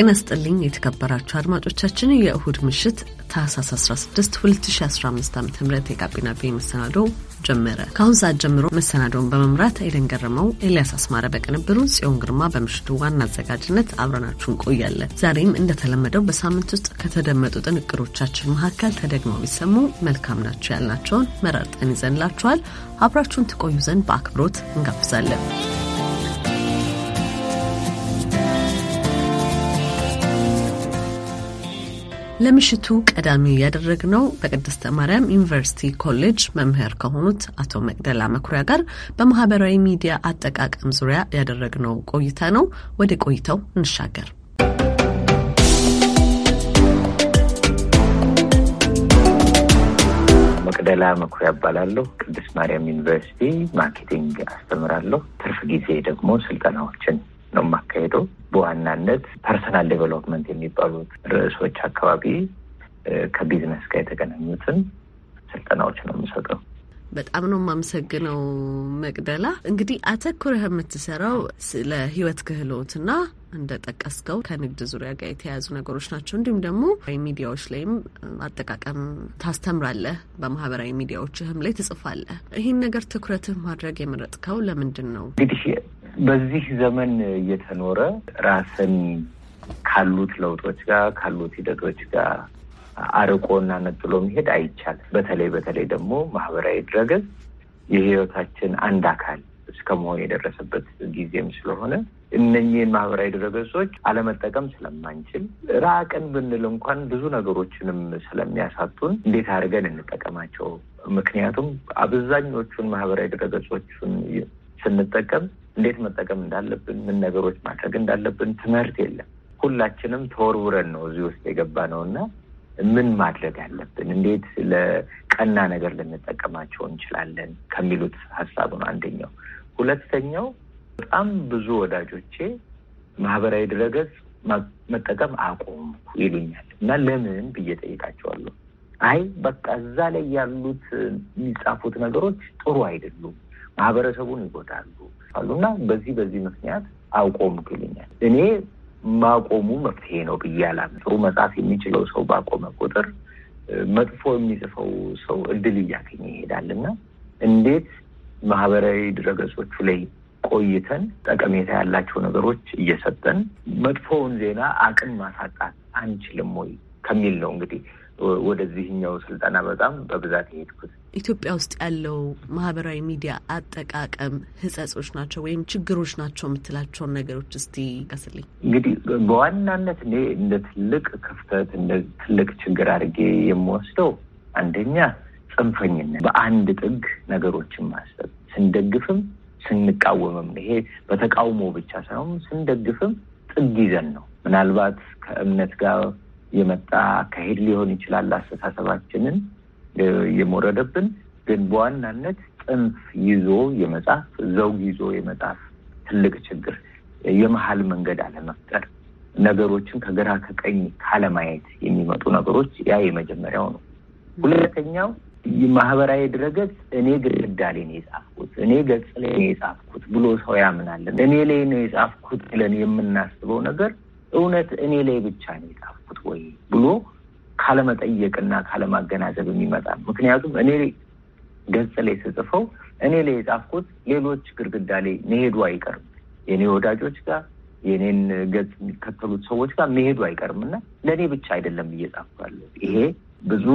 ጤና ስጥልኝ የተከበራችሁ አድማጮቻችን የእሁድ ምሽት ታህሳስ 16 2015 ዓ ም የጋቢና ቤ መሰናዶው ጀመረ። ከአሁን ሰዓት ጀምሮ መሰናዶውን በመምራት ኤደን ገረመው፣ ኤልያስ አስማረ በቅንብሩ፣ ጽዮን ግርማ በምሽቱ ዋና አዘጋጅነት አብረናችሁ እንቆያለን። ዛሬም እንደተለመደው በሳምንት ውስጥ ከተደመጡ ጥንቅሮቻችን መካከል ተደግመው ቢሰሙ መልካም ናቸው ያልናቸውን መራርጠን ይዘንላችኋል። አብራችሁን ትቆዩ ዘንድ በአክብሮት እንጋብዛለን። ለምሽቱ ቀዳሚ ያደረግነው በቅድስተ ማርያም ዩኒቨርሲቲ ኮሌጅ መምህር ከሆኑት አቶ መቅደላ መኩሪያ ጋር በማህበራዊ ሚዲያ አጠቃቀም ዙሪያ ያደረግነው ቆይታ ነው። ወደ ቆይታው እንሻገር። መቅደላ መኩሪያ እባላለሁ። ቅድስት ማርያም ዩኒቨርሲቲ ማርኬቲንግ አስተምራለሁ። ትርፍ ጊዜ ደግሞ ስልጠናዎችን ነው የማካሄደው። በዋናነት ፐርሰናል ዴቨሎፕመንት የሚባሉት ርዕሶች አካባቢ ከቢዝነስ ጋር የተገናኙትን ስልጠናዎች ነው የምሰጠው። በጣም ነው የማመሰግነው መቅደላ። እንግዲህ አተኩረህ የምትሰራው ስለ ህይወት ክህሎትና እንደ ጠቀስከው ከንግድ ዙሪያ ጋር የተያያዙ ነገሮች ናቸው። እንዲሁም ደግሞ ሚዲያዎች ላይም አጠቃቀም ታስተምራለህ፣ በማህበራዊ ሚዲያዎችህም ላይ ትጽፋለህ። ይህን ነገር ትኩረትህ ማድረግ የመረጥከው ለምንድን ነው? እንግዲህ በዚህ ዘመን እየተኖረ ራስን ካሉት ለውጦች ጋር ካሉት ሂደቶች ጋር አርቆ እና ነጥሎ መሄድ አይቻልም። በተለይ በተለይ ደግሞ ማህበራዊ ድረገጽ የህይወታችን አንድ አካል እስከመሆን የደረሰበት ጊዜም ስለሆነ እነኚህን ማህበራዊ ድረገጾች አለመጠቀም ስለማንችል ራቅን ብንል እንኳን ብዙ ነገሮችንም ስለሚያሳጡን እንዴት አድርገን እንጠቀማቸው? ምክንያቱም አብዛኞቹን ማህበራዊ ድረገጾቹን ስንጠቀም እንዴት መጠቀም እንዳለብን፣ ምን ነገሮች ማድረግ እንዳለብን ትምህርት የለም። ሁላችንም ተወርውረን ነው እዚህ ውስጥ የገባ ነው እና ምን ማድረግ አለብን፣ እንዴት ለቀና ነገር ልንጠቀማቸው እንችላለን ከሚሉት ሀሳብ ነው አንደኛው። ሁለተኛው በጣም ብዙ ወዳጆቼ ማህበራዊ ድረገጽ መጠቀም አቁም ይሉኛል እና ለምን ብዬ ጠይቃቸዋለሁ። አይ በቃ እዛ ላይ ያሉት የሚጻፉት ነገሮች ጥሩ አይደሉም፣ ማህበረሰቡን ይጎዳሉ፣ አሉ እና በዚህ በዚህ ምክንያት አቆም ግልኛል እኔ ማቆሙ መፍትሄ ነው ብዬ ጥሩ መጽሐፍ የሚችለው ሰው ባቆመ ቁጥር መጥፎ የሚጽፈው ሰው እድል እያገኘ ይሄዳል እና እንዴት ማህበራዊ ድረገጾቹ ላይ ቆይተን ጠቀሜታ ያላቸው ነገሮች እየሰጠን መጥፎውን ዜና አቅም ማሳጣት አንችልም ወይ ከሚል ነው እንግዲህ ወደዚህኛው ስልጠና በጣም በብዛት የሄድኩት። ኢትዮጵያ ውስጥ ያለው ማህበራዊ ሚዲያ አጠቃቀም ህጸጾች ናቸው ወይም ችግሮች ናቸው የምትላቸውን ነገሮች እስቲ ቀስልኝ። እንግዲህ በዋናነት እኔ እንደ ትልቅ ክፍተት እንደ ትልቅ ችግር አድርጌ የምወስደው አንደኛ ጽንፈኝነት፣ በአንድ ጥግ ነገሮችን ማሰብ ስንደግፍም ስንቃወምም፣ ይሄ በተቃውሞ ብቻ ሳይሆን ስንደግፍም ጥግ ይዘን ነው ምናልባት ከእምነት ጋር የመጣ አካሄድ ሊሆን ይችላል። አስተሳሰባችንን የሞረደብን ግን በዋናነት ጥንፍ ይዞ የመጻፍ ዘውግ ይዞ የመጻፍ ትልቅ ችግር፣ የመሀል መንገድ አለመፍጠር፣ ነገሮችን ከግራ ከቀኝ ካለማየት የሚመጡ ነገሮች ያ የመጀመሪያው ነው። ሁለተኛው ማህበራዊ ድረገጽ እኔ ግድግዳ ላይ ነው የጻፍኩት፣ እኔ ገጽ ላይ ነው የጻፍኩት ብሎ ሰው ያምናለን። እኔ ላይ ነው የጻፍኩት ብለን የምናስበው ነገር እውነት እኔ ላይ ብቻ ነው የጻፍኩት ብሎ ካለመጠየቅና ካለማገናዘብ የሚመጣ ምክንያቱም እኔ ገጽ ላይ ስጽፈው እኔ ላይ የጻፍኩት ሌሎች ግድግዳ ላይ መሄዱ አይቀርም። የእኔ ወዳጆች ጋር የእኔን ገጽ የሚከተሉት ሰዎች ጋር መሄዱ አይቀርም እና ለእኔ ብቻ አይደለም እየጻፍኩ ያለሁት። ይሄ ብዙ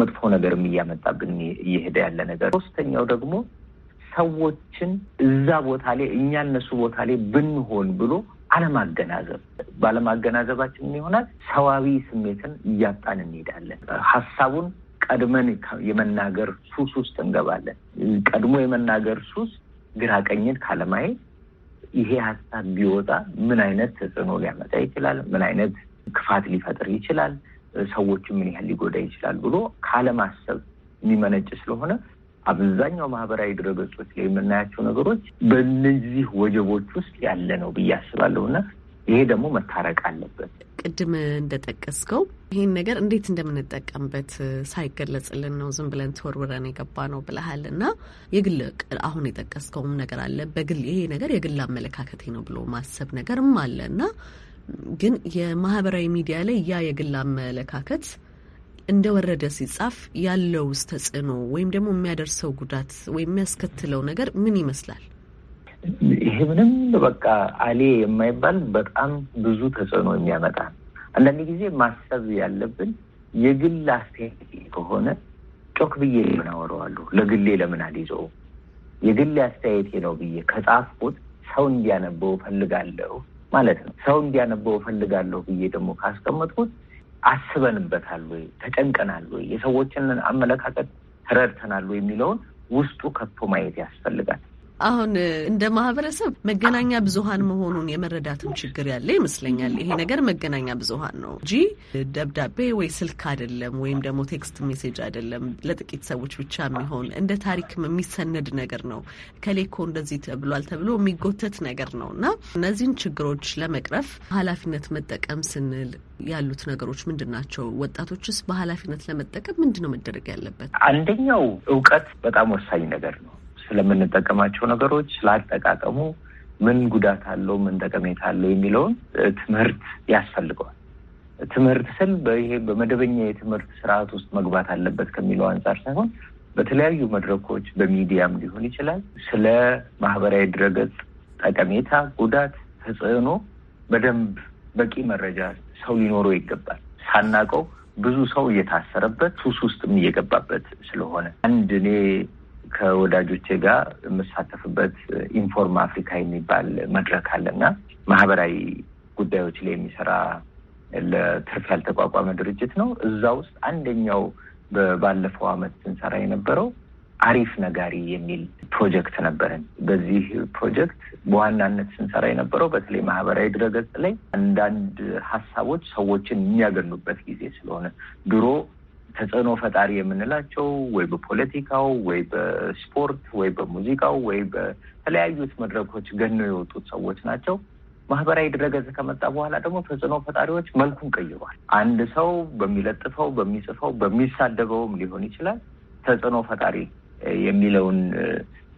መጥፎ ነገር እያመጣብን እየሄደ ያለ ነገር። ሶስተኛው ደግሞ ሰዎችን እዛ ቦታ ላይ እኛ እነሱ ቦታ ላይ ብንሆን ብሎ አለማገናዘብ ባለማገናዘባችን የሚሆናል ሰዋዊ ስሜትን እያጣን እንሄዳለን። ሀሳቡን ቀድመን የመናገር ሱስ ውስጥ እንገባለን። ቀድሞ የመናገር ሱስ ግራ ቀኝን ካለማየት ይሄ ሀሳብ ቢወጣ ምን አይነት ተጽዕኖ ሊያመጣ ይችላል? ምን አይነት ክፋት ሊፈጥር ይችላል? ሰዎቹ ምን ያህል ሊጎዳ ይችላል ብሎ ካለማሰብ የሚመነጭ ስለሆነ አብዛኛው ማህበራዊ ድረገጾች ላይ የምናያቸው ነገሮች በእነዚህ ወጀቦች ውስጥ ያለ ነው ብዬ አስባለሁ እና ይሄ ደግሞ መታረቅ አለበት። ቅድም እንደጠቀስከው ይህን ነገር እንዴት እንደምንጠቀምበት ሳይገለጽልን ነው ዝም ብለን ተወርውረን የገባ ነው ብለሃል እና የግል አሁን የጠቀስከውም ነገር አለ። በግል ይሄ ነገር የግል አመለካከቴ ነው ብሎ ማሰብ ነገርም አለ እና ግን የማህበራዊ ሚዲያ ላይ ያ የግል አመለካከት እንደወረደ ሲጻፍ ያለውስ ተጽዕኖ ወይም ደግሞ የሚያደርሰው ጉዳት ወይም የሚያስከትለው ነገር ምን ይመስላል? ይሄ ምንም በቃ አሌ የማይባል በጣም ብዙ ተጽዕኖ የሚያመጣ አንዳንድ ጊዜ ማሰብ ያለብን የግል አስተያየት ከሆነ ጮክ ብዬ ለምን አወራዋለሁ? ለግሌ ለምን አልይዘውም? የግል አስተያየቴ ነው ብዬ ከጻፍኩት ሰው እንዲያነበው ፈልጋለሁ ማለት ነው። ሰው እንዲያነበው ፈልጋለሁ ብዬ ደግሞ ካስቀመጥኩት አስበንበታል ወይ፣ ተጨንቀናል ወይ፣ የሰዎችን አመለካከት ተረድተናል ወይ የሚለውን ውስጡ ከቶ ማየት ያስፈልጋል። አሁን እንደ ማህበረሰብ መገናኛ ብዙሀን መሆኑን የመረዳትም ችግር ያለ ይመስለኛል። ይሄ ነገር መገናኛ ብዙሀን ነው እንጂ ደብዳቤ ወይ ስልክ አይደለም፣ ወይም ደግሞ ቴክስት ሜሴጅ አይደለም። ለጥቂት ሰዎች ብቻ የሚሆን እንደ ታሪክም የሚሰነድ ነገር ነው። ከሌኮ እንደዚህ ተብሏል ተብሎ የሚጎተት ነገር ነው እና እነዚህን ችግሮች ለመቅረፍ ኃላፊነት መጠቀም ስንል ያሉት ነገሮች ምንድን ናቸው? ወጣቶችስ በኃላፊነት ለመጠቀም ምንድን ነው መደረግ ያለበት? አንደኛው እውቀት በጣም ወሳኝ ነገር ነው። ስለምንጠቀማቸው ነገሮች፣ ስላጠቃቀሙ ምን ጉዳት አለው፣ ምን ጠቀሜታ አለው የሚለውን ትምህርት ያስፈልገዋል። ትምህርት ስል በይሄ በመደበኛ የትምህርት ስርዓት ውስጥ መግባት አለበት ከሚለው አንጻር ሳይሆን በተለያዩ መድረኮች በሚዲያም ሊሆን ይችላል ስለ ማህበራዊ ድረገጽ ጠቀሜታ፣ ጉዳት፣ ተጽዕኖ በደንብ በቂ መረጃ ሰው ሊኖረው ይገባል። ሳናቀው ብዙ ሰው እየታሰረበት ሱስ ውስጥም እየገባበት ስለሆነ አንድ እኔ ከወዳጆቼ ጋር የምሳተፍበት ኢንፎርም አፍሪካ የሚባል መድረክ አለና ማህበራዊ ጉዳዮች ላይ የሚሰራ ለትርፍ ያልተቋቋመ ድርጅት ነው። እዛ ውስጥ አንደኛው ባለፈው አመት ስንሰራ የነበረው አሪፍ ነጋሪ የሚል ፕሮጀክት ነበረን። በዚህ ፕሮጀክት በዋናነት ስንሰራ የነበረው በተለይ ማህበራዊ ድረገጽ ላይ አንዳንድ ሀሳቦች ሰዎችን የሚያገኙበት ጊዜ ስለሆነ ድሮ ተጽዕኖ ፈጣሪ የምንላቸው ወይ በፖለቲካው ወይ በስፖርት ወይ በሙዚቃው ወይ በተለያዩት መድረኮች ገነው የወጡት ሰዎች ናቸው። ማህበራዊ ድረገጽ ከመጣ በኋላ ደግሞ ተጽዕኖ ፈጣሪዎች መልኩን ቀይሯል። አንድ ሰው በሚለጥፈው፣ በሚጽፈው፣ በሚሳደበውም ሊሆን ይችላል ተጽዕኖ ፈጣሪ የሚለውን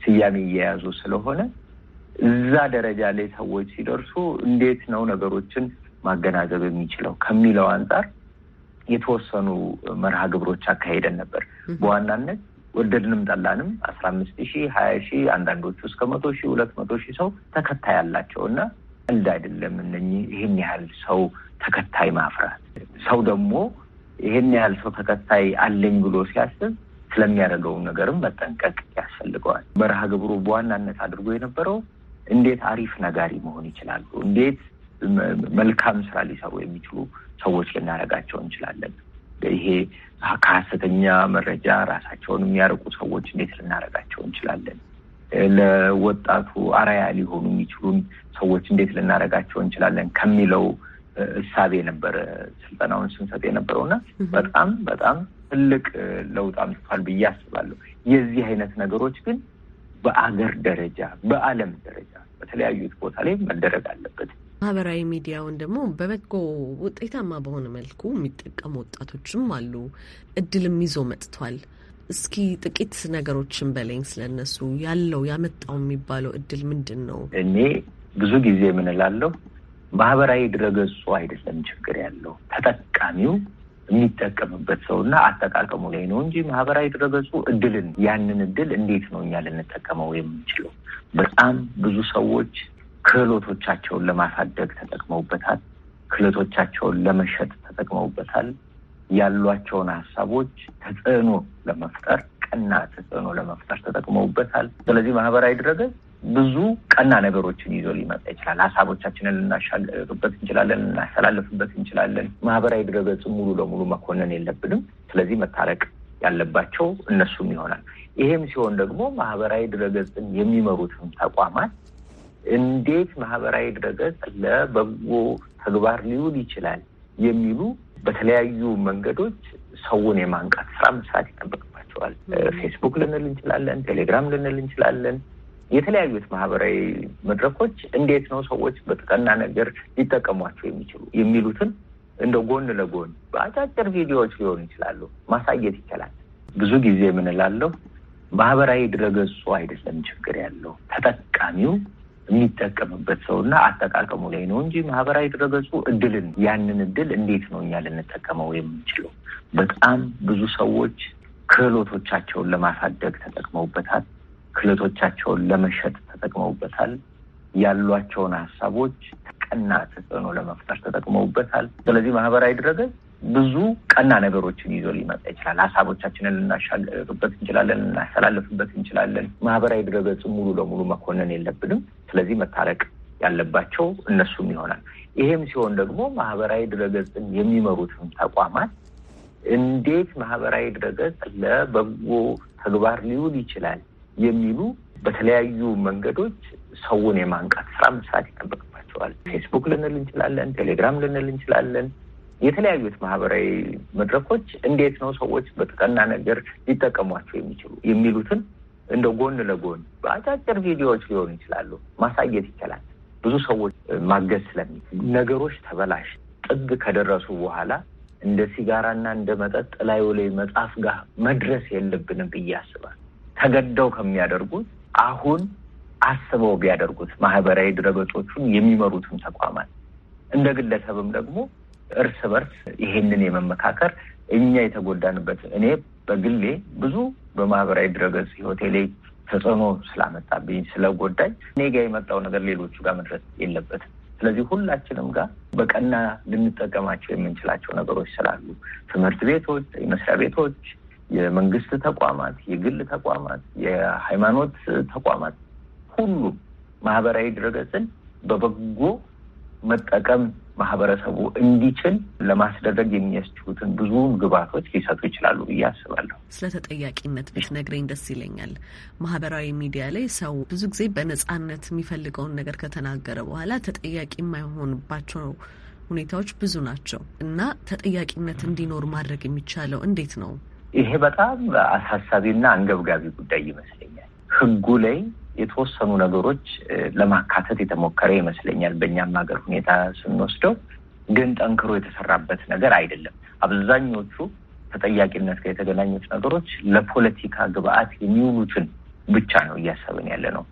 ስያሜ እየያዙ ስለሆነ እዛ ደረጃ ላይ ሰዎች ሲደርሱ እንዴት ነው ነገሮችን ማገናዘብ የሚችለው ከሚለው አንጻር የተወሰኑ መርሃ ግብሮች አካሄደን ነበር። በዋናነት ወደድንም ጠላንም አስራ አምስት ሺህ ሀያ ሺህ አንዳንዶቹ እስከ መቶ ሺህ ሁለት መቶ ሺህ ሰው ተከታይ ያላቸው እና እንደ አይደለም እነ ይህን ያህል ሰው ተከታይ ማፍራት ሰው ደግሞ ይህን ያህል ሰው ተከታይ አለኝ ብሎ ሲያስብ ስለሚያደርገው ነገርም መጠንቀቅ ያስፈልገዋል። መርሃ ግብሩ በዋናነት አድርጎ የነበረው እንዴት አሪፍ ነጋሪ መሆን ይችላሉ፣ እንዴት መልካም ስራ ሊሰሩ የሚችሉ ሰዎች ልናደርጋቸው እንችላለን። ይሄ ከሀሰተኛ መረጃ ራሳቸውን የሚያርቁ ሰዎች እንዴት ልናደርጋቸው እንችላለን? ለወጣቱ አርአያ ሊሆኑ የሚችሉን ሰዎች እንዴት ልናደርጋቸው እንችላለን ከሚለው እሳቤ ነበር ስልጠናውን ስንሰጥ የነበረው እና በጣም በጣም ትልቅ ለውጥ አምጥቷል ብዬ አስባለሁ። የዚህ አይነት ነገሮች ግን በአገር ደረጃ በዓለም ደረጃ በተለያዩት ቦታ ላይ መደረግ አለበት። ማህበራዊ ሚዲያውን ደግሞ በበጎ ውጤታማ በሆነ መልኩ የሚጠቀሙ ወጣቶችም አሉ። እድልም ይዞ መጥቷል። እስኪ ጥቂት ነገሮችን በለኝ ስለነሱ። ያለው ያመጣው የሚባለው እድል ምንድን ነው? እኔ ብዙ ጊዜ የምንላለው ማህበራዊ ድረገጹ አይደለም ችግር ያለው ተጠቃሚው የሚጠቀምበት ሰው እና አጠቃቀሙ ላይ ነው እንጂ ማህበራዊ ድረገጹ እድልን ያንን እድል እንዴት ነው እኛ ልንጠቀመው የምንችለው? በጣም ብዙ ሰዎች ክህሎቶቻቸውን ለማሳደግ ተጠቅመውበታል። ክህሎቶቻቸውን ለመሸጥ ተጠቅመውበታል። ያሏቸውን ሀሳቦች ተጽዕኖ ለመፍጠር ቀና ተጽዕኖ ለመፍጠር ተጠቅመውበታል። ስለዚህ ማህበራዊ ድረገጽ ብዙ ቀና ነገሮችን ይዞ ሊመጣ ይችላል። ሀሳቦቻችንን ልናሻገርበት እንችላለን፣ ልናስተላልፍበት እንችላለን። ማህበራዊ ድረገጽ ሙሉ ለሙሉ መኮንን የለብንም። ስለዚህ መታረቅ ያለባቸው እነሱም ይሆናል። ይሄም ሲሆን ደግሞ ማህበራዊ ድረገጽን የሚመሩትም ተቋማት እንዴት ማህበራዊ ድረገጽ ለበጎ ተግባር ሊውል ይችላል የሚሉ በተለያዩ መንገዶች ሰውን የማንቃት ስራ መስራት ይጠበቅባቸዋል። ፌስቡክ ልንል እንችላለን፣ ቴሌግራም ልንል እንችላለን። የተለያዩት ማህበራዊ መድረኮች እንዴት ነው ሰዎች በጥቀና ነገር ሊጠቀሟቸው የሚችሉ የሚሉትን እንደ ጎን ለጎን በአጫጭር ቪዲዮዎች ሊሆኑ ይችላሉ ማሳየት ይቻላል። ብዙ ጊዜ የምንላለው ማህበራዊ ድረገጹ አይደለም ችግር ያለው ተጠቃሚው የሚጠቀምበት ሰው እና አጠቃቀሙ ላይ ነው እንጂ ማህበራዊ ድረገጹ እድልን ያንን እድል እንዴት ነው እኛ ልንጠቀመው የምንችለው? በጣም ብዙ ሰዎች ክህሎቶቻቸውን ለማሳደግ ተጠቅመውበታል። ክህሎቶቻቸውን ለመሸጥ ተጠቅመውበታል። ያሏቸውን ሀሳቦች ቀና ተጽዕኖ ለመፍጠር ተጠቅመውበታል። ስለዚህ ማህበራዊ ድረገጽ ብዙ ቀና ነገሮችን ይዞ ሊመጣ ይችላል። ሀሳቦቻችንን ልናሻልፍበት እንችላለን፣ ልናስተላልፍበት እንችላለን። ማህበራዊ ድረገጽ ሙሉ ለሙሉ መኮንን የለብንም። ስለዚህ መታረቅ ያለባቸው እነሱም ይሆናል። ይሄም ሲሆን ደግሞ ማህበራዊ ድረገጽን የሚመሩትም ተቋማት እንዴት ማህበራዊ ድረገጽ ለበጎ ተግባር ሊውል ይችላል የሚሉ በተለያዩ መንገዶች ሰውን የማንቃት ስራ መስራት ይጠበቅባቸዋል። ፌስቡክ ልንል እንችላለን፣ ቴሌግራም ልንል እንችላለን፣ የተለያዩት ማህበራዊ መድረኮች እንዴት ነው ሰዎች በጥቀና ነገር ሊጠቀሟቸው የሚችሉ የሚሉትን እንደ ጎን ለጎን በአጫጭር ቪዲዮዎች ሊሆኑ ይችላሉ ማሳየት ይችላል። ብዙ ሰዎች ማገዝ ስለሚ ነገሮች ተበላሽ ጥግ ከደረሱ በኋላ እንደ ሲጋራና እንደ መጠጥ ላዩ ላይ መጽሐፍ ጋር መድረስ የለብንም ብዬ አስባል። ተገደው ከሚያደርጉት አሁን አስበው ቢያደርጉት ማህበራዊ ድረገጾቹን የሚመሩትም ተቋማት እንደ ግለሰብም ደግሞ እርስ በርስ ይሄንን የመመካከር እኛ የተጎዳንበት እኔ በግሌ ብዙ በማህበራዊ ድረገጽ ህይወቴ ላይ ተጽዕኖ ስላመጣብኝ ስለጎዳኝ እኔ ጋር የመጣው ነገር ሌሎቹ ጋር መድረስ የለበትም። ስለዚህ ሁላችንም ጋር በቀና ልንጠቀማቸው የምንችላቸው ነገሮች ስላሉ ትምህርት ቤቶች፣ መስሪያ ቤቶች፣ የመንግስት ተቋማት፣ የግል ተቋማት፣ የሃይማኖት ተቋማት ሁሉም ማህበራዊ ድረገጽን በበጎ መጠቀም ማህበረሰቡ እንዲችል ለማስደረግ የሚያስችሉትን ብዙ ግብዓቶች ሊሰጡ ይችላሉ ብዬ አስባለሁ። ስለ ተጠያቂነት ብትነግረኝ ደስ ይለኛል። ማህበራዊ ሚዲያ ላይ ሰው ብዙ ጊዜ በነጻነት የሚፈልገውን ነገር ከተናገረ በኋላ ተጠያቂ የማይሆንባቸው ሁኔታዎች ብዙ ናቸው እና ተጠያቂነት እንዲኖር ማድረግ የሚቻለው እንዴት ነው? ይሄ በጣም አሳሳቢና አንገብጋቢ ጉዳይ ይመስለኛል። ህጉ ላይ የተወሰኑ ነገሮች ለማካተት የተሞከረ ይመስለኛል። በእኛም ሀገር ሁኔታ ስንወስደው ግን ጠንክሮ የተሰራበት ነገር አይደለም። አብዛኞቹ ተጠያቂነት ጋር የተገናኙት ነገሮች ለፖለቲካ ግብአት የሚውሉትን ብቻ ነው እያሰብን ያለ ነው።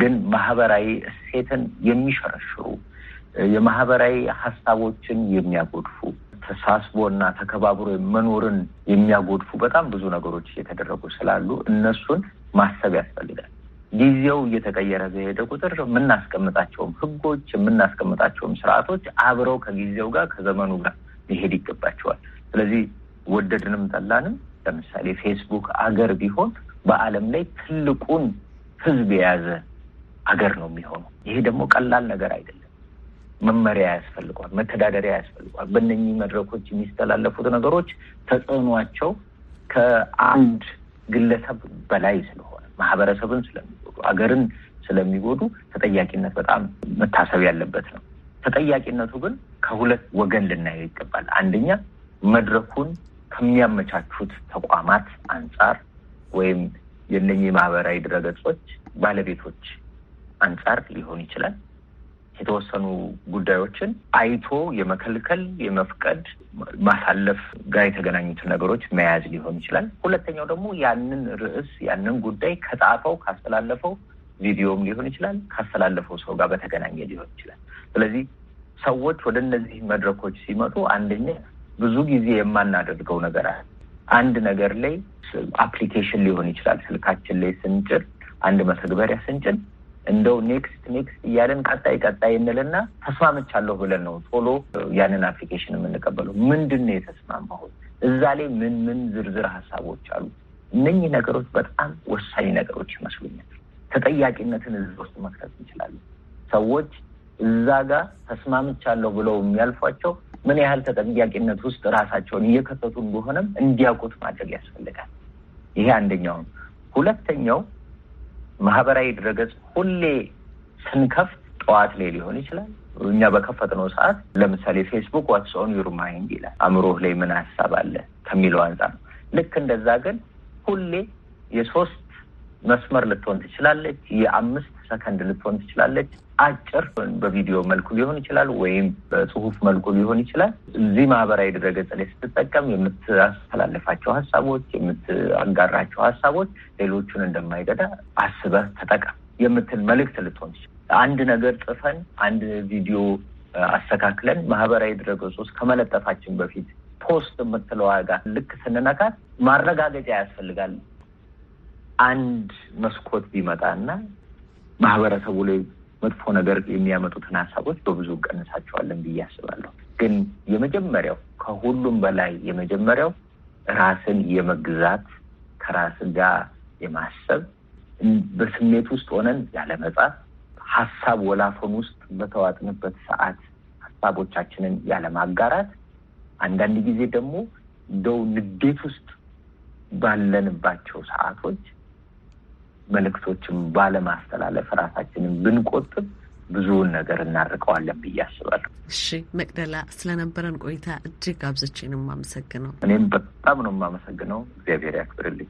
ግን ማህበራዊ እሴትን የሚሸረሽሩ የማህበራዊ ሀሳቦችን የሚያጎድፉ ተሳስቦና ተከባብሮ መኖርን የሚያጎድፉ በጣም ብዙ ነገሮች እየተደረጉ ስላሉ እነሱን ማሰብ ያስፈልጋል። ጊዜው እየተቀየረ በሄደ ቁጥር የምናስቀምጣቸውም ህጎች የምናስቀምጣቸውም ስርዓቶች አብረው ከጊዜው ጋር ከዘመኑ ጋር ሊሄድ ይገባቸዋል። ስለዚህ ወደድንም ጠላንም ለምሳሌ ፌስቡክ አገር ቢሆን በዓለም ላይ ትልቁን ህዝብ የያዘ አገር ነው የሚሆነው። ይሄ ደግሞ ቀላል ነገር አይደለም። መመሪያ ያስፈልገዋል፣ መተዳደሪያ ያስፈልገዋል። በእነኚህ መድረኮች የሚስተላለፉት ነገሮች ተጽዕኗቸው ከአንድ ግለሰብ በላይ ስለሆነ ማህበረሰብን ስለሚጎዱ፣ አገርን ስለሚጎዱ ተጠያቂነት በጣም መታሰብ ያለበት ነው። ተጠያቂነቱ ግን ከሁለት ወገን ልናየው ይገባል። አንደኛ መድረኩን ከሚያመቻቹት ተቋማት አንጻር ወይም የእነኚህ ማህበራዊ ድረገጾች ባለቤቶች አንጻር ሊሆን ይችላል። የተወሰኑ ጉዳዮችን አይቶ የመከልከል የመፍቀድ ማሳለፍ ጋር የተገናኙትን ነገሮች መያዝ ሊሆን ይችላል። ሁለተኛው ደግሞ ያንን ርዕስ ያንን ጉዳይ ከጻፈው ካስተላለፈው ቪዲዮም ሊሆን ይችላል፣ ካስተላለፈው ሰው ጋር በተገናኘ ሊሆን ይችላል። ስለዚህ ሰዎች ወደ እነዚህ መድረኮች ሲመጡ አንደኛ ብዙ ጊዜ የማናደርገው ነገር አለ። አንድ ነገር ላይ አፕሊኬሽን ሊሆን ይችላል ስልካችን ላይ ስንጭን አንድ መተግበሪያ ስንጭን እንደው ኔክስት ኔክስት እያለን ቀጣይ ቀጣይ እንልና ተስማምቻለሁ ብለን ነው ቶሎ ያንን አፕሊኬሽን የምንቀበለው። ምንድን ነው የተስማማሁት? እዛ ላይ ምን ምን ዝርዝር ሀሳቦች አሉ? እነኚህ ነገሮች በጣም ወሳኝ ነገሮች ይመስሉኛል። ተጠያቂነትን እዛ ውስጥ መክተት እንችላለን። ሰዎች እዛ ጋር ተስማምቻለሁ ብለው የሚያልፏቸው ምን ያህል ተጠያቂነት ውስጥ ራሳቸውን እየከተቱ እንደሆነም እንዲያውቁት ማድረግ ያስፈልጋል። ይሄ አንደኛው ነው። ሁለተኛው ማህበራዊ ድረገጽ ሁሌ ስንከፍት ጠዋት ላይ ሊሆን ይችላል እኛ በከፈትነው ሰዓት ለምሳሌ ፌስቡክ ዋትስ ኦን ዩር ማይንድ ይላል፣ አእምሮህ ላይ ምን ሀሳብ አለ ከሚለው አንጻር ነው። ልክ እንደዛ ግን ሁሌ የሶስት መስመር ልትሆን ትችላለች፣ የአምስት ሰከንድ ልትሆን ትችላለች። አጭር በቪዲዮ መልኩ ሊሆን ይችላል፣ ወይም በጽሁፍ መልኩ ሊሆን ይችላል። እዚህ ማህበራዊ ድረገጽ ላይ ስትጠቀም የምታስተላልፋቸው ሀሳቦች፣ የምታጋራቸው ሀሳቦች ሌሎቹን እንደማይገዳ አስበህ ተጠቀም የምትል መልእክት ልትሆን ትችላለች። አንድ ነገር ጽፈን አንድ ቪዲዮ አስተካክለን ማህበራዊ ድረገጽ ውስጥ ከመለጠፋችን በፊት ፖስት የምትለው ዋጋ ልክ ስንነካት ማረጋገጫ ያስፈልጋል። አንድ መስኮት ቢመጣ እና ማህበረሰቡ ላይ መጥፎ ነገር የሚያመጡትን ሀሳቦች በብዙ ቀንሳቸዋለን ብዬ አስባለሁ። ግን የመጀመሪያው ከሁሉም በላይ የመጀመሪያው ራስን የመግዛት ከራስ ጋር የማሰብ በስሜት ውስጥ ሆነን ያለመጻፍ ሀሳብ ወላፈን ውስጥ በተዋጥንበት ሰዓት ሀሳቦቻችንን ያለማጋራት አንዳንድ ጊዜ ደግሞ እንደው ንዴት ውስጥ ባለንባቸው ሰዓቶች መልእክቶችን ባለማስተላለፍ ራሳችንን ብንቆጥብ ብዙውን ነገር እናርቀዋለን ብዬ አስባለሁ። እሺ መቅደላ፣ ስለነበረን ቆይታ እጅግ አብዝቼ ነው የማመሰግነው። እኔም በጣም ነው የማመሰግነው። እግዚአብሔር ያክብርልኝ።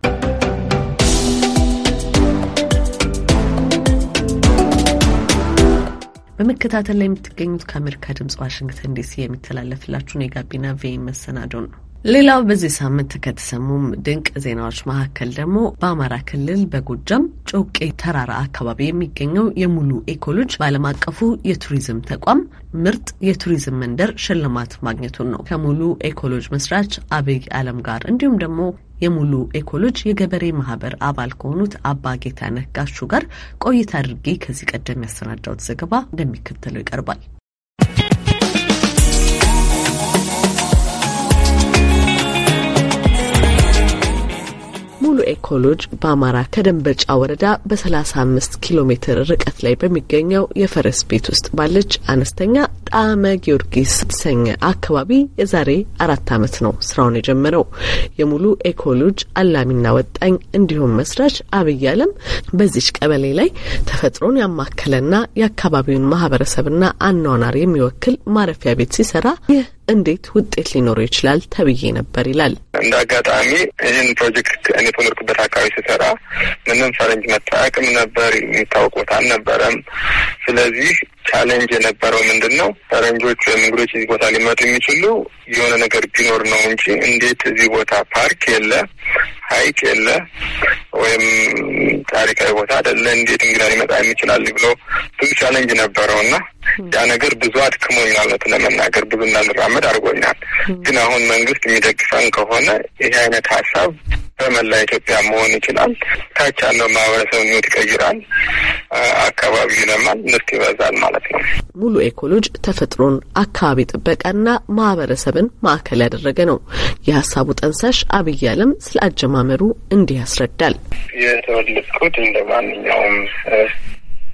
በመከታተል ላይ የምትገኙት ከአሜሪካ ድምጽ ዋሽንግተን ዲሲ የሚተላለፍላችሁን የጋቢና ቬይ መሰናዶ ነው። ሌላው በዚህ ሳምንት ከተሰሙም ድንቅ ዜናዎች መካከል ደግሞ በአማራ ክልል በጎጃም ጮቄ ተራራ አካባቢ የሚገኘው የሙሉ ኤኮሎጅ በዓለም አቀፉ የቱሪዝም ተቋም ምርጥ የቱሪዝም መንደር ሽልማት ማግኘቱን ነው። ከሙሉ ኤኮሎጅ መስራች አብይ አለም ጋር እንዲሁም ደግሞ የሙሉ ኤኮሎጅ የገበሬ ማህበር አባል ከሆኑት አባ ጌታነህ ጋሹ ጋር ቆይታ አድርጌ ከዚህ ቀደም ያሰናዳሁት ዘገባ እንደሚከተለው ይቀርባል። ሙሉ ኤኮሎጅ በአማራ ከደንበጫ ወረዳ በ35 ኪሎ ሜትር ርቀት ላይ በሚገኘው የፈረስ ቤት ውስጥ ባለች አነስተኛ ጣዕመ ጊዮርጊስ የተሰኘ አካባቢ የዛሬ አራት ዓመት ነው ስራውን የጀመረው። የሙሉ ኤኮሎጅ አላሚና ወጣኝ እንዲሁም መስራች አብይ አለም በዚች ቀበሌ ላይ ተፈጥሮን ያማከለና የአካባቢውን ማህበረሰብና አኗኗር የሚወክል ማረፊያ ቤት ሲሰራ ይህ እንዴት ውጤት ሊኖረው ይችላል ተብዬ ነበር ይላል። እንደ አጋጣሚ ይህን ፕሮጀክት እኔ ተመርኩበት አካባቢ ስሰራ ምንም ፈረንጅ መጠቀም ነበር የሚታወቅ ቦታ አልነበረም። ስለዚህ ቻሌንጅ የነበረው ምንድን ነው? ፈረንጆች ወይም እንግዶች እዚህ ቦታ ሊመጡ የሚችሉ የሆነ ነገር ቢኖር ነው እንጂ እንዴት እዚህ ቦታ ፓርክ የለ፣ ሀይቅ የለ፣ ወይም ታሪካዊ ቦታ አይደለ፣ እንዴት እንግዳ ሊመጣ የሚችላል ብሎ ብዙ ቻሌንጅ ነበረው እና ያ ነገር ብዙ አድክሞኛል። እውነት ለመናገር ብዙ እንዳንራመድ አድርጎኛል። ግን አሁን መንግስት የሚደግፈን ከሆነ ይሄ አይነት ሀሳብ በመላ ኢትዮጵያ መሆን ይችላል። ታች ያለው ማህበረሰብ ህይወት ይቀይራል፣ አካባቢ ይለማል፣ ምርት ይበዛል ማለት ነው። ሙሉ ኤኮሎጅ ተፈጥሮን፣ አካባቢ ጥበቃና ማህበረሰብን ማዕከል ያደረገ ነው። የሀሳቡ ጠንሳሽ አብይ አለም ስለ አጀማመሩ እንዲህ ያስረዳል። የተወለድኩት እንደ ማንኛውም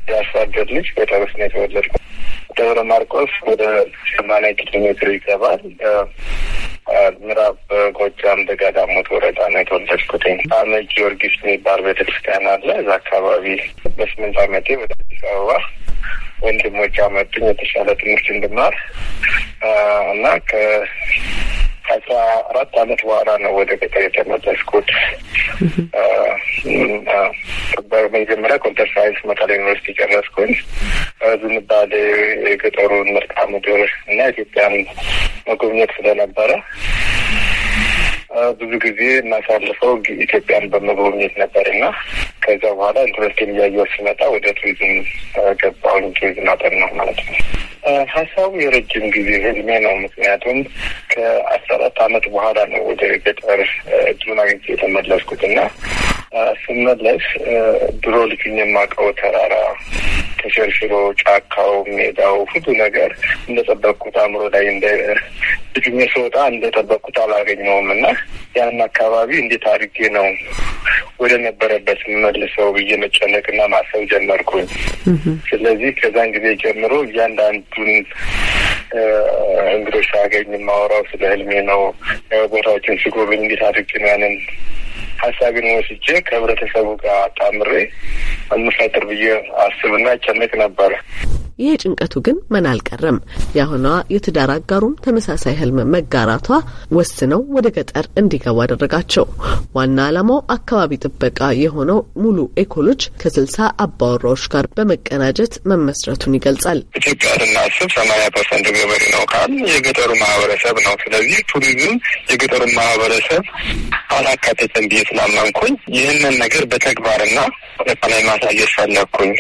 የአርሶ አደር ልጅ በደብስ ነው የተወለድኩት። ደብረ ማርቆስ ወደ ሰማንያ ኪሎ ሜትር ይገባል። ምዕራብ ጎጃም ደጋዳሞት ወረዳ ነው የተወለድኩት። አመ ጊዮርጊስ የሚባል ቤተክርስቲያን አለ። እዛ አካባቢ በስምንት አመቴ ወደ አዲስ አበባ ወንድሞች አመጡኝ የተሻለ ትምህርት እንድማር እና ከአስራ አራት አመት በኋላ ነው ወደ ገጠር የተመለስኩት። በመጀመሪያ ኮምፒተር ሳይንስ መቀሌ ዩኒቨርሲቲ ጨረስኩኝ። ዝንባሌ የገጠሩን መልክዓ ምድር እና ኢትዮጵያን መጎብኘት ስለነበረ ብዙ ጊዜ የማሳልፈው ኢትዮጵያን በመጎብኘት ነበር እና ከዛ በኋላ ኢንትረስት የሚያየው ሲመጣ ወደ ቱሪዝም ገባሁኝ። ቱሪዝም አጠር ነው ማለት ነው። ሀሳቡ የረጅም ጊዜ ህልሜ ነው። ምክንያቱም ከአስራ አራት አመት በኋላ ነው ወደ ገጠር እድሉን አግኝቼ የተመለስኩት እና ስመለስ ድሮ ልጅኝ የማውቀው ተራራ ተሸርሽሮ፣ ጫካው፣ ሜዳው ሁሉ ነገር እንደጠበቅኩት አእምሮ ላይ እንደ ልጅኝ ስወጣ እንደጠበቅኩት አላገኘውም እና ያን አካባቢ እንዴት አድርጌ ነው ወደ ነበረበት መልሰው ብዬ መጨነቅና ማሰብ ጀመርኩኝ። ስለዚህ ከዛን ጊዜ ጀምሮ እያንዳንዱን እንግዶች ሳገኝ የማወራው ስለ ህልሜ ነው። ቦታዎችን ስጎብኝ እንዴት አድርጌ ነው ያንን ሀሳቤን ወስጄ ከህብረተሰቡ ጋር አጣምሬ አመሳጥር ብዬ አስብና ጨነቅ ነበረ። ይሄ ጭንቀቱ ግን ምን አልቀረም። የአሁኗ የትዳር አጋሩም ተመሳሳይ ህልም መጋራቷ ወስነው ወደ ገጠር እንዲገቡ አደረጋቸው። ዋና ዓላማው አካባቢ ጥበቃ የሆነው ሙሉ ኤኮሎጅ ከስልሳ አባወራዎች ጋር በመቀናጀት መመስረቱን ይገልጻል። ኢትዮጵያ ስናስብ ሰማኒያ ፐርሰንት ገበሬ ነው ካል የገጠሩ ማህበረሰብ ነው። ስለዚህ ቱሪዝም የገጠሩ ማህበረሰብ አላካተተን ብዬ ስላመንኩኝ ይህንን ነገር በተግባርና ሁኔታ ማሳየት ፈለግኩኝ።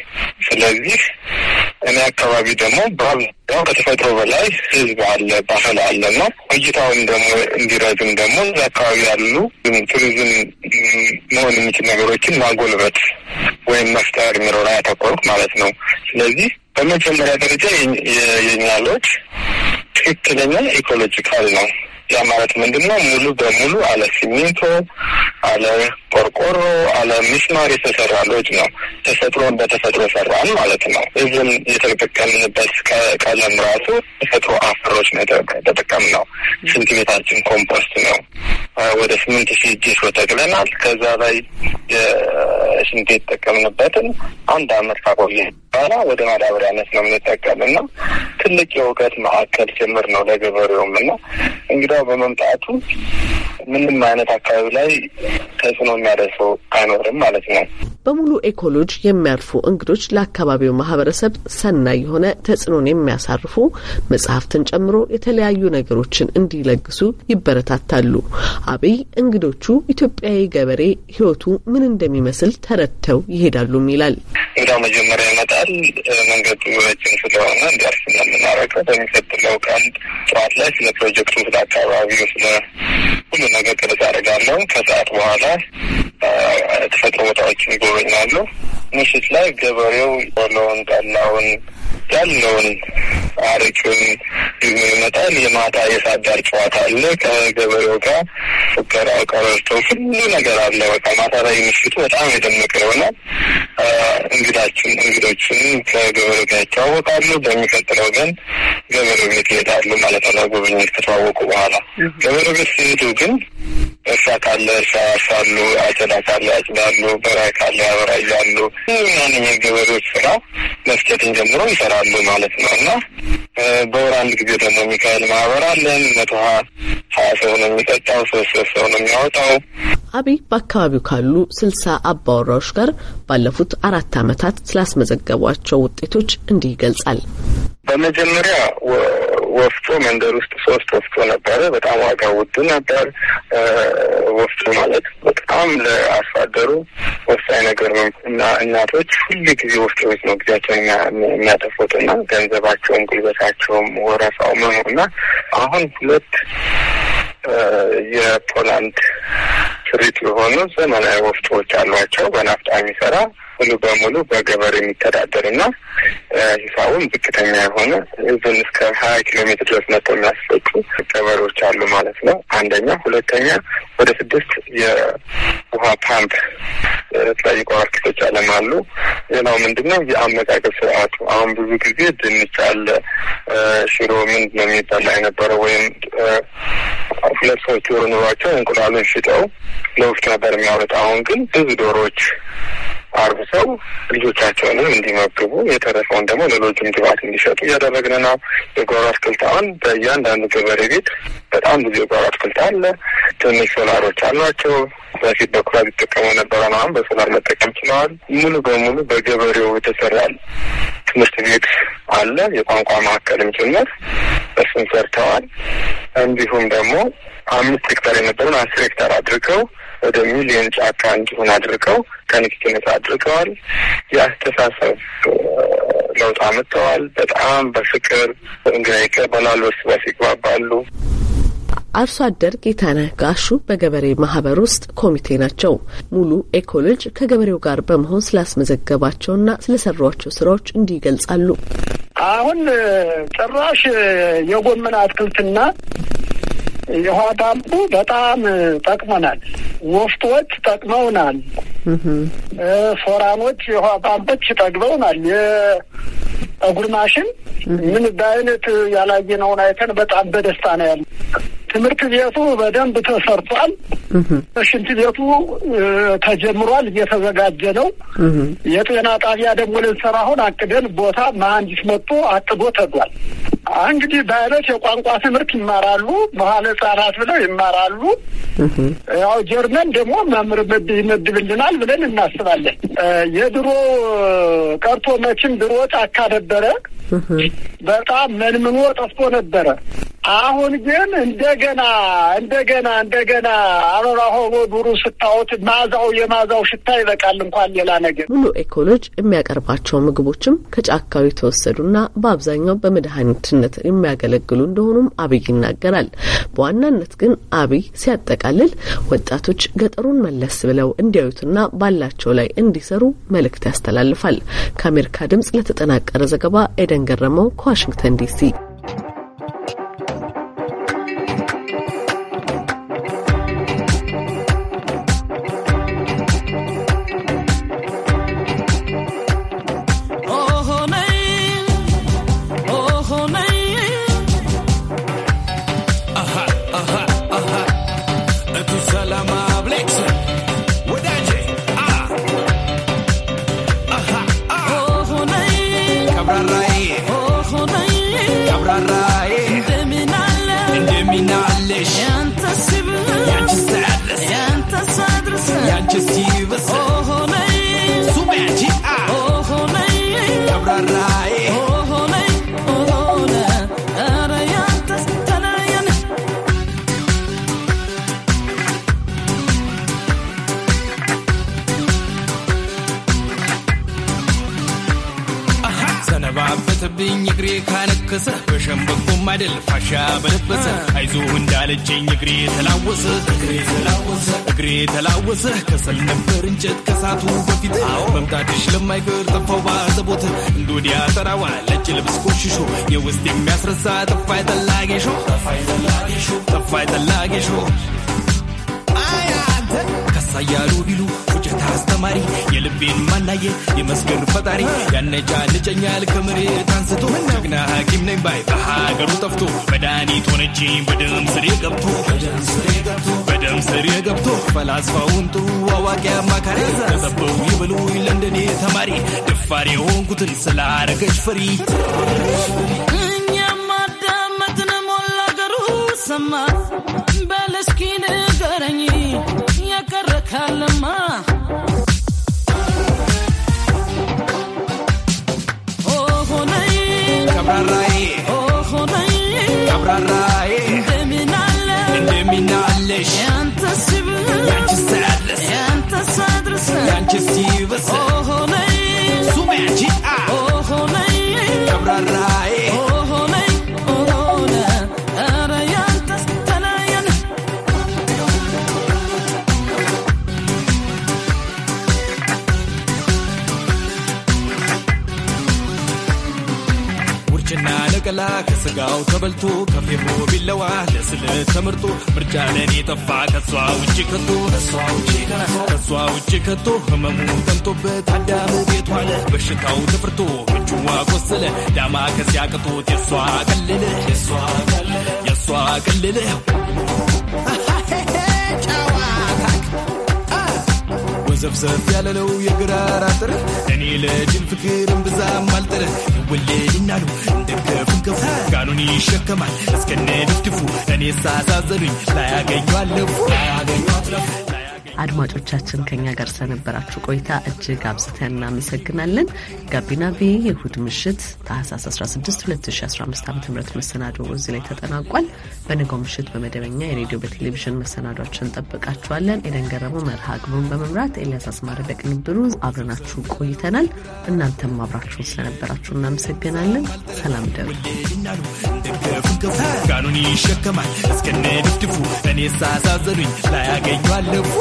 ስለዚህ እኔ አካባቢ ደግሞ በአብዛኛው ከተፈጥሮ በላይ ህዝብ አለ፣ ባህል አለ ነው። እይታውን ደግሞ እንዲረዝም ደግሞ እዚ አካባቢ ያሉ ቱሪዝም መሆን የሚችል ነገሮችን ማጎልበት ወይም መፍጠር የሚለው ላይ ያተኮርኩ ማለት ነው። ስለዚህ በመጀመሪያ ደረጃ የኛሎች ትክክለኛ ኢኮሎጂካል ነው ያ ማለት ምንድን ነው? ሙሉ በሙሉ አለ ሲሚንቶ፣ አለ ቆርቆሮ፣ አለ ሚስማር የተሰራ ሎጅ ነው። ተፈጥሮን በተፈጥሮ ሰራን ማለት ነው። እዝም የተጠቀምንበት ቀለም ራሱ ተፈጥሮ አፈሮች ነው የተጠቀም ነው። ስንት ቤታችን ኮምፖስት ነው። ወደ ስምንት ሺህ ዲሾ ተክለናል። ከዛ ላይ የስንት የተጠቀምንበትን አንድ አመት ካቆየ በኋላ ወደ ማዳበሪያነት ነው የምንጠቀምና ትልቅ የእውቀት ማዕከል ጭምር ነው ለገበሬውም እና እንግዲ በመምጣቱ ምንም አይነት አካባቢ ላይ ተጽዕኖ የሚያደርሰው አይኖርም ማለት ነው። በሙሉ ኤኮሎጅ የሚያልፉ እንግዶች ለአካባቢው ማህበረሰብ ሰናይ የሆነ ተጽዕኖን የሚያሳርፉ መጽሐፍትን ጨምሮ የተለያዩ ነገሮችን እንዲለግሱ ይበረታታሉ። አብይ እንግዶቹ ኢትዮጵያዊ ገበሬ ህይወቱ ምን እንደሚመስል ተረድተው ይሄዳሉም ይላል። እንግዳው መጀመሪያ ይመጣል። መንገዱ ረጅም ስለሆነ እንዲያርስ የምናረገው በሚቀጥለው ቀን ጠዋት ላይ ስለ ፕሮጀክቱ፣ ስለ አካባቢው፣ ስለ ሁሉ ያለውን ነገር ቅርጽ አደርጋለሁ። ከሰዓት በኋላ ተፈጥሮ ቦታዎችን ይጎበኛሉ። ምሽት ላይ ገበሬው ቆሎውን፣ ጠላውን ያለውን አረቂውን ይመጣል። የማታ የሳዳር ዳር ጨዋታ አለ ከገበሬው ጋር ፉከራ፣ ቀረርቶ ሁሉ ነገር አለ። በቃ ማታ ላይ ምሽቱ በጣም የደመቀ ይሆናል። እንግዳችን እንግዶችን ከገበሬው ጋር ይተዋወቃሉ። በሚቀጥለው ግን ገበሬው ቤት ይሄዳሉ ማለት ነው። ጉብኝት ከተዋወቁ በኋላ ገበሬው ቤት ሲሄዱ ግን እርሻ ካለ እርሻ ያርሳሉ፣ አጨዳ ካለ ያጭዳሉ፣ በራይ ካለ ያበራያሉ። ማንኛ ገበሬዎች ስራ መስኬትን ጀምሮ ይሰራሉ ማለት ነው እና በወር አንድ ጊዜ ደግሞ ሚካኤል ማህበር አለን። መቶ ሀያ ሰው ነው የሚጠጣው፣ ሶስት ሶስት ሰው ነው የሚያወጣው። አብይ በአካባቢው ካሉ ስልሳ አባወራዎች ጋር ባለፉት አራት አመታት ስላስመዘገቧቸው ውጤቶች እንዲህ ይገልጻል። በመጀመሪያ ወፍጮ መንደር ውስጥ ሶስት ወፍጮ ነበረ። በጣም ዋጋ ውድ ነበር። ወፍጮ ማለት በጣም ለአርሶ ወሳኝ ነገር ነው እና እናቶች ሁሉ ጊዜ ወፍጮ ቤት ነው ጊዜያቸውን የሚያጠፉት እና ገንዘባቸውም፣ ጉልበታቸውም፣ ወረፋው መኖ እና አሁን ሁለት የፖላንድ ስሪት የሆኑ ዘመናዊ ወፍጮዎች አሏቸው በናፍጣ የሚሰራ ሙሉ በሙሉ በገበሬ የሚተዳደር እና ሂሳቡም ዝቅተኛ የሆነ ህዝብን እስከ ሀያ ኪሎ ሜትር ድረስ መጥተው የሚያስፈጩ ገበሬዎች አሉ ማለት ነው። አንደኛ፣ ሁለተኛ ወደ ስድስት የውሃ ፓምፕ የተለያዩ ቋርኪቶች አለም አሉ። ሌላው ምንድን ነው የአመጋገብ ስርዓቱ። አሁን ብዙ ጊዜ ድንች አለ፣ ሽሮ ምንድን ነው የሚበላ የነበረው ወይም ሁለት ሰዎች ዶሮ ኑሯቸው እንቁላሉን ሽጠው ለውስጥ ነበር የሚያወሩት። አሁን ግን ብዙ ዶሮዎች አርብሰው ልጆቻቸውንም እንዲመግቡ የተረፈውን ደግሞ ሌሎችም ግብዓት እንዲሸጡ እያደረግን ነው። የጓሮ አትክልት አሁን በእያንዳንዱ ገበሬ ቤት በጣም ብዙ የጓሮ አትክልት አለ። ትንሽ ሶላሮች አሏቸው። በፊት በኩራት ይጠቀሙ ነበረ ነው። አሁን በሶላር መጠቀም ችለዋል። ሙሉ በሙሉ በገበሬው የተሰራል። ትምህርት ቤት አለ፣ የቋንቋ ማዕከልም ጭምር እሱን ሰርተዋል። እንዲሁም ደግሞ አምስት ሄክታር የነበረን አስር ሄክታር አድርገው ወደ ሚሊዮን ጫካ እንዲሆን አድርገው ከንክኪነት አድርገዋል። የአስተሳሰብ ለውጥ አምጥተዋል። በጣም በፍቅር እንግዳ ይቀበላሉ፣ እርስ በርስ ይግባባሉ። አርሶ አደር ጌታነህ ጋሹ በገበሬ ማህበር ውስጥ ኮሚቴ ናቸው። ሙሉ ኤኮሎጅ ከገበሬው ጋር በመሆን ስላስመዘገባቸውና ስለሰሯቸው ስራዎች እንዲህ ይገልጻሉ። አሁን ጭራሽ የጎመን አትክልትና የውሃ ዳምቡ በጣም ጠቅመናል። ወፍቶች ጠቅመውናል። ሶራኖች የውሃ ፓምፖች ጠቅመውናል። የጠጉር ማሽን ምን በአይነት ያላየነውን አይተን በጣም በደስታ ነው ያለ ትምህርት ቤቱ በደንብ ተሰርቷል። ሽንት ቤቱ ተጀምሯል፣ እየተዘጋጀ ነው። የጤና ጣቢያ ደግሞ ልንሰራ አሁን አቅደን ቦታ መሀንዲስ መጥቶ አቅዶ ተጓል። እንግዲህ በአይነት የቋንቋ ትምህርት ይማራሉ፣ መሀል ህጻናት ብለው ይማራሉ። ያው ጀርመን ደግሞ መምህር ይመድብልናል ብለን እናስባለን። የድሮ ቀርቶ መቼም ድሮ ጫካ ነበረ በጣም መንምኖ ጠፍቶ ነበረ። አሁን ግን እንደገና እንደገና እንደገና አበባ ሆኖ ዱሩ ስታወት ማዛው የማዛው ሽታ ይበቃል። እንኳን ሌላ ነገር ሙሉ ኤኮሎጅ የሚያቀርባቸው ምግቦችም ከጫካው የተወሰዱና በአብዛኛው በመድኃኒትነት የሚያገለግሉ እንደሆኑም አብይ ይናገራል። በዋናነት ግን አብይ ሲያጠቃልል ወጣቶች ገጠሩን መለስ ብለው እንዲያዩትና ባላቸው ላይ እንዲሰሩ መልእክት ያስተላልፋል። ከአሜሪካ ድምጽ ለተጠናቀረ ዘገባ ኤደን ኤደን ገረመው ከዋሽንግተን ዲሲ ተሞክሰ በሸንበቆም አይደል ፋሻ በለበሰ አይዞ እንዳለችኝ እግሬ ተላወሰ እግሬ ተላወሰ። ከሰል ነበር እንጨት ከሳቱ በፊት መምጣትሽ ለማይቀር ጠፋው ባዘቦት እንዶዲያ ጠራዋ ለጭ ልብስ ቆሽሾ የውስጥ የሚያስረሳ ጠፋይ ጠላጌሾ ጠፋይ ጠላጌሾ ያሉ ቢሉ ውጨት አስተማሪ የልቤን ማናየ የመስገር ፈጣሪ ያነጫ ንጨኛል ከምሬ አንስቶ ጀግና ሐኪም ነኝ ባይ ከሀገሩ ጠፍቶ መድኃኒት ሆነችኝ በደም ስሬ ገብቶ በደም ስሬ ገብቶ ፈላስፋውን ጥሩ አዋቂ አማካሪ ተጠበው ይበሉ ለንደኔ ተማሪ ደፋሪ የሆንኩትን ስላረገች ፈሪ ሰማ በለስኪ ንገረኝ የቀረ Cabra raí. Cabra raí. ስጋው ተበልቶ ከፌሮ ቢለዋ ለስል ተምርጦ ምርጫ ለኔ የጠፋ ከሷ ውጭ ከቶ ከሷ ውጭ ከቶ ህመሙ ተምቶበት አዳሙ ቤቷለ። በሽታው ተፍርቶ እጁዋ ቆሰለ ዳማ ከዚያ ቅጦት የሷ ቀልል የሷ ቀልል ዘፍዘፍ ያለለው የግራር አጥር እኔ ለጅል ፍቅርን ብዛም አልጥር ይወለድናሉ እንደ ገፉን ገፍንከፉ ጋኑን ይሸከማል እስከነ ድፍድፉ እኔ ሳሳዘኑኝ ላያገኙ አለፉ ላያገኙ አትለፉ አድማጮቻችን ከኛ ጋር ስለነበራችሁ ቆይታ እጅግ አብዝተን እናመሰግናለን። ጋቢና ቪ የእሁድ ምሽት ታህሳስ 16 2015 ዓ ም መሰናዶ እዚህ ላይ ተጠናቋል። በነጋው ምሽት በመደበኛ የሬዲዮ በቴሌቪዥን መሰናዷችን እንጠብቃችኋለን። ኤደን ገረመው መርሃ ግብሩን በመምራት ኤልያስ አስማረ በቅንብሩ አብረናችሁ ቆይተናል። እናንተም አብራችሁን ስለነበራችሁ እናመሰግናለን። ሰላም ደሩ ጋኑን ይሸከማል እስከነ ድፍድፉ እኔ ሳሳዘኑኝ ላይ አለፉ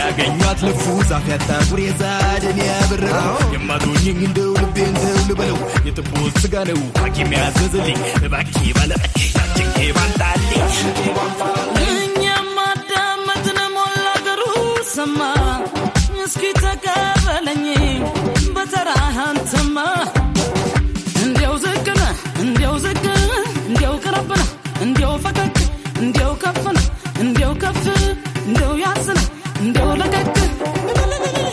ያገኟት ልፉ ዛፍ ያታ ቁሬ ዛድን ያበረው የማዶኝኝ እንደው ልቤን ተው ልበለው የጥቦት ስጋ ነው ሐኪም ያዘዘልኝ እባኪ ባለጠኪ ጭንቄ ባንጣልኝ እኛም አዳመጥን ሞላ አገሩ ሰማ እስኪ ተቀበለኝ በተራ አንተማ እንዲያው ዝቅነ እንዲያው ዝቅነ እንዲያው ቅረብነ እንዲያው ፈቀቅ እንዲያው ከፍነ እንዲያው ከፍ እንዲያው ያዝነ Dolakak, dolakak, dolakak.